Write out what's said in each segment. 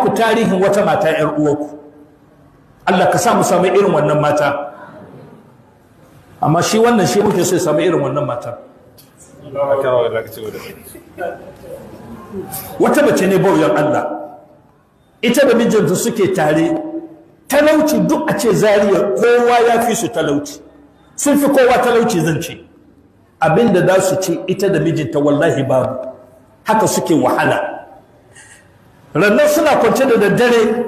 ku tarihin wata mata ‘yar uwaku, Allah ka sa mu samu irin wannan mata amma shi wannan shi muke sai sami samu irin wannan mata wata mace ne bauyan Allah ita da mijinta suke tare talauci duk a ce zariya kowa ya fi su talauci sun fi kowa talauci zan ce abinda za su ce ita da mijinta wallahi babu haka suke wahala rannan suna kwance da daddare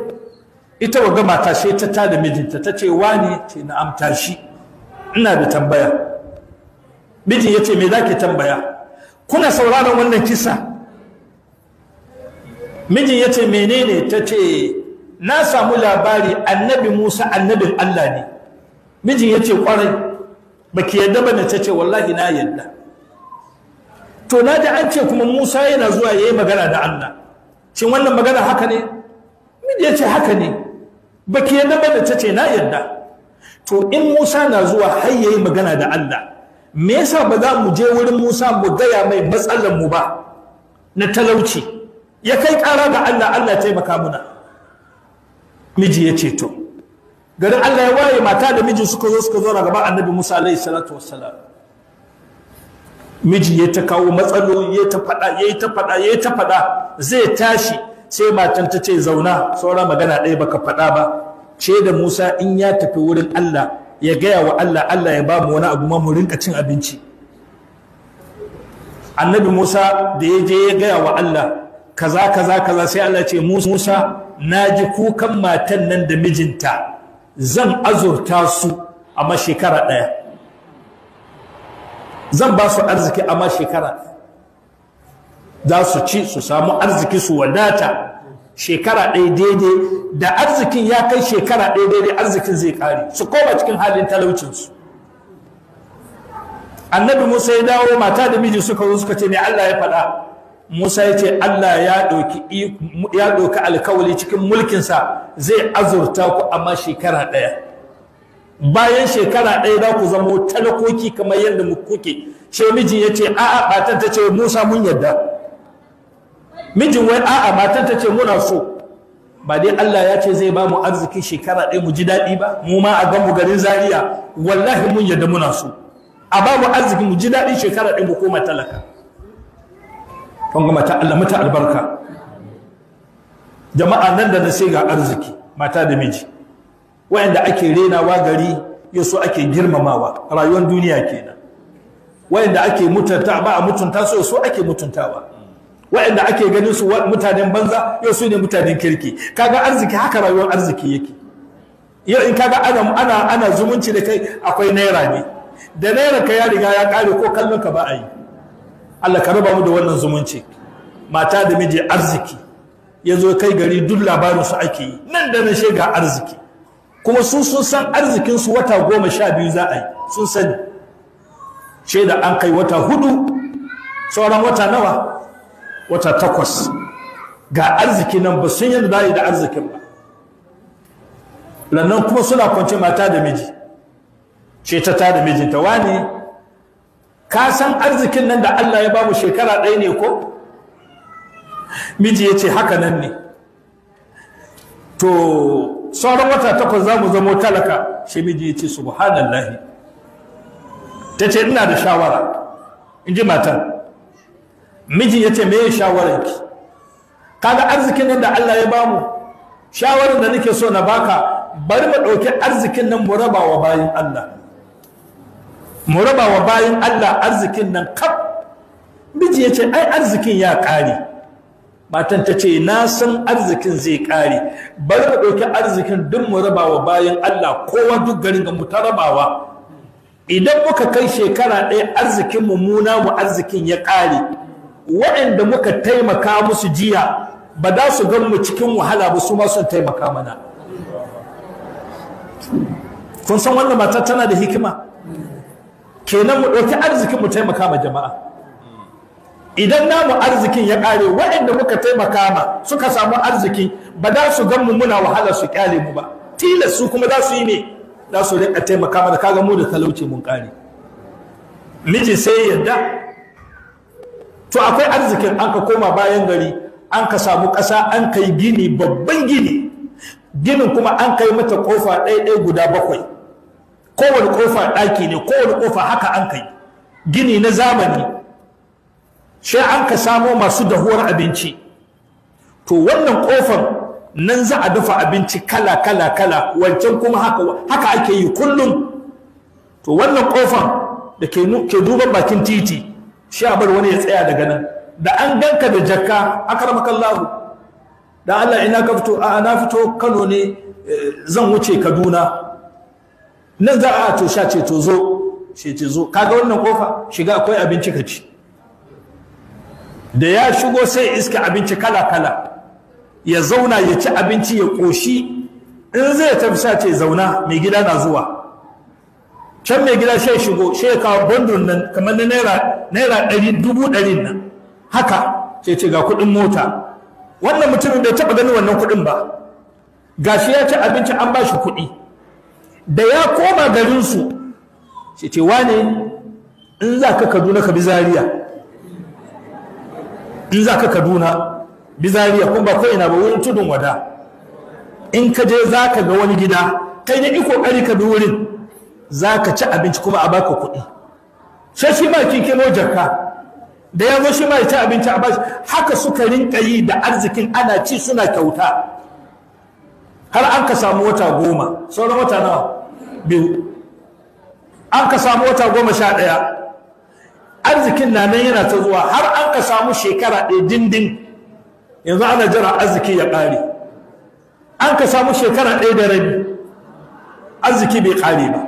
ita waga mata sai ta tada mijinta ta ce wani ce na amta shi ina da tambaya mijin ya ce me zaki tambaya kuna sauraron wannan kisa mijin ya ce menene ta ce na samu labari annabi musa annabin allah ne mijin ya ce kwarai ba ki yadda ba ne, ta ce wallahi na yadda to na da an ce kuma musa yana zuwa ya yi magana da allah Cin wannan magana haka ne miji ya ce haka ne ki yadda ba ta ce na yadda to in musa na zuwa har magana da allah me yasa ba za mu je wurin musa mu gaya mai matsalar mu ba na talauci ya kai ƙara ga allah allah taimaka muna miji ya ce to garin allah ya waye mata da miji suka zo suka zo gaba annabi musa alaihi salatu wassalam miji ya ta kawo matsaloli ya ta fada ya ta faɗa ya ta fada zai tashi sai matan ta ce zauna saura magana ɗaya baka faɗa ba ce da Musa in ya tafi wurin Allah ya gaya wa Allah Allah ya ba mu wani abu ma mu rinka cin abinci annabi Musa da ya je ya gaya wa Allah kaza kaza kaza sai Allah ce Musa na ji kukan matan nan da mijinta zan azurta su amma shekara ɗaya zan ba su arziki amma shekara za su ci su samu arziki su wadata shekara ɗaya daidai da arzikin ya kai shekara ɗaya daidai arzikin zai ƙare su koma cikin halin talaucinsu annabi musa ya dawo mata da miji suka zo suka ce ne allah ya faɗa musa ya ce allah ya ɗauki alkawali cikin mulkinsa zai azurta ku amma shekara ɗaya bayan shekara ɗaya za ku zamo talakoki kamar yadda mu kuke she mijin ya ce a'a matan ta ce musa mun yadda mijin wai a'a matan ta ce muna so ba dai Allah ya ce zai ba mu arziki shekara ɗaya mu ji daɗi ba mu ma a gan mu garin zaria wallahi mun yadda muna so a ba mu arziki mu ji daɗi shekara ɗaya mu koma talaka kan ga mata Allah mata albarka jama'a nan da na sai ga arziki mata da miji wayanda ake renawa gari ya so ake girmamawa rayuwar duniya kenan wayanda ake mutunta ba a mutunta su so ake mutuntawa wayanda ake ganin su mutanen banza ya so ne mutanen kirki kaga arziki haka rayuwar arziki yake yau in kaga ana ana ana zumunci da kai akwai naira ne da naira ka ya riga ya kare ko kallon ka ba a yi Allah ka raba mu da wannan zumunci mata da miji arziki ya kai gari duk labarin su ake yi nan da nan shega arziki kuma su sun san arzikinsu wata goma sha biyu za a yi sun sani da an kai wata hudu sauran wata nawa wata takwas ga arziki nan ba sun yadda za da arzikin ba lannan kuma suna kwanci mata da miji ce ta ta da mijinta wani ka san arzikin nan da Allah ya ba mu shekara ɗaya ne ko miji ya ce haka nan ne to sauran wata takwas za mu zamo talaka shi miji ya ce subhanallahi ta ce ina da shawara in ji matan mijin ya ce me shawarar ki kaga arzikin nan da Allah ya bamu shawarar da nake so na baka bari mu ɗauki arzikin nan mu raba wa bayin Allah mu raba wa bayin Allah arzikin nan kaf miji ya ce ai arzikin ya ƙare matan ta ce na san arzikin zai ƙare bari mu ɗauki arzikin duk mu rabawa bayan Allah kowa duk garin ga mu ta rabawa idan muka kai shekara ɗaya arzikin mummuna mu arzikin ya ƙare waɗanda muka taimaka musu jiya ba za su gan mu cikin wahala ba su ma sun taimaka mana kun san wannan mata tana da hikima kenan mu ɗauki arzikin mu taimaka ma jama'a idan namu arzikin ya ƙare waɗanda muka taimaka ma suka samu arziki ba za su gan muna wahala su ƙyale mu ba tilas su kuma za su yi ne za su riƙa taimaka ka kaga mu da talauci mun ƙare miji sai yadda to akwai arzikin an ka koma bayan gari an ka samu ƙasa an kai gini babban gini ginin kuma an kai mata ƙofa ɗaya-ɗaya guda bakwai kowane ƙofa ɗaki ne kowane ƙofa haka an kai gini na zamani sai an ka samo masu dahuwar abinci to wannan kofar nan za a dafa abinci kala kala kala wancan kuma haka haka ake yi kullum to wannan kofar da ke duban bakin titi shi a bar wani ya tsaya daga nan da an ganka da jakka akramakallahu da Allah ina ka fito a na fito Kano ne eh, zan wuce Kaduna nan za a to sha ce to zo ce zo kaga wannan kofa shiga akwai abinci ka ci da ya shigo sai iska abinci kala-kala ya zauna ya ci abinci ya ƙoshi in zai tafi sa ce zauna mai gida na zuwa can mai gida shai shigo shai kawo bandun nan kamar na naira ɗari dubu ɗari nan haka ce ce ga kuɗin mota wannan mutumin bai taɓa gani wannan kuɗin ba gashi ya ci abinci an ba shi kuɗi da ya koma garinsu ce ce wane in za ka kaduna ka bi Zariya? in za ka kaduna bizariya kuma ba ko'ina ba wurin tudun wada in ka je za ka ga wani gida kai ne iko ƙari ka bi wurin za ka ci abinci kuma a baka kuɗi sai shi ma kikimo jarka da ya zo shi ma ya ci abinci a bashi haka suka rinka yi da arzikin ana ci suna kyauta har an ka samu wata goma sauran wata nawa biyu an ka samu wata goma sha ɗaya arzikin na nan yana ta zuwa har an ka samu shekara ɗaya dindin yanzu ana jira arziki ya ƙare an ka samu shekara ɗaya da rabi arziki bai ƙare ba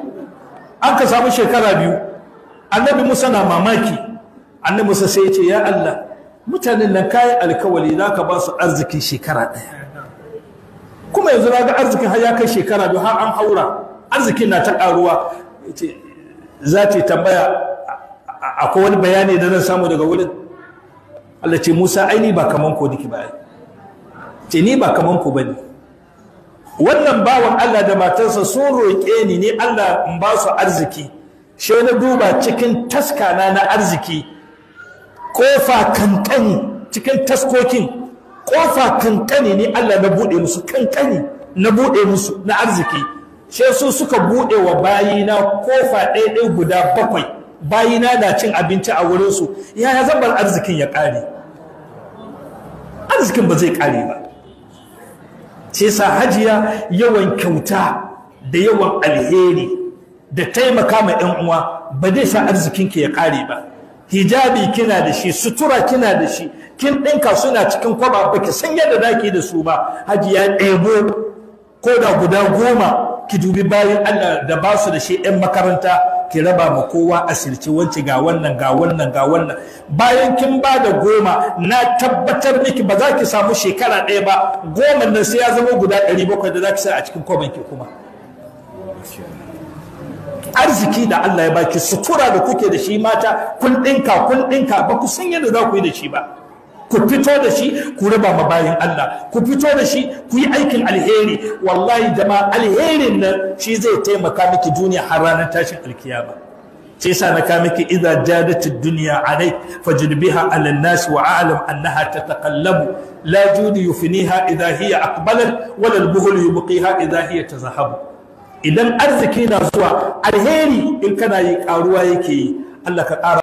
an ka samu shekara biyu annabi musa na mamaki annabi musa sai ce ya allah mutanen nan kayan alkawali za ka ba su arziki shekara ɗaya kuma yanzu na ga arzikin har ya kai shekara biyu har an haura arzikin na ta ƙaruwa za ta tambaya akwai wani bayani da zan samu daga wurin Allah ce Musa ai ni ba kaman ko diki ba ce ni ba kaman ku bane wannan bawan Allah da matarsa sun roƙe ni ne Allah in ba su arziki she na duba cikin taskana na arziki kofa kankani cikin taskokin kofa kankani ne Allah na bude musu kankani na bude musu na arziki she su suka bude wa bayina kofa ɗaya ɗaya guda bakwai bayina na cin abinci a wurinsu yaya zan bar arzikin ya ƙare arzikin ba zai ƙare ba ce sa hajiya yawan kyauta da yawan alheri da taimaka ma 'yan uwa ba zai sa arzikin ki ya ƙare ba hijabi kina da shi sutura kina da shi kin ɗinka suna cikin kwaba ba ki san yadda zaki da su ba hajiya ɗebo ko da guda goma ki dubi bayan Allah da ba su da shi 'yan makaranta ki raba ma kowa asirce wance ga wannan ga wannan ga wannan bayan kin ba da goma na tabbatar miki ba za ki samu shekara ɗaya ba goma nan sai ya zama guda ɗari bakwai da za ki sa a cikin kwaban ki kuma arziki da Allah ya baki sutura da kuke da shi mata kun ɗinka kun ɗinka ba ku san yadda za ku yi da shi ba ku fito da shi ku raba ma bayan Allah ku fito da shi ku yi aikin alheri wallahi dama alherin nan shi zai taimaka miki duniya har ranar tashin alkiyama sai yasa na ka miki idza jadat ad-dunya alayk fajlibiha ala an-nas wa a'lam annaha tataqallabu la judi yufniha idza hiya aqbalat wala al-buhl yubqiha idza hiya tazahabu idan arziki na zuwa alheri in kana yi karuwa yake yi Allah ka ƙara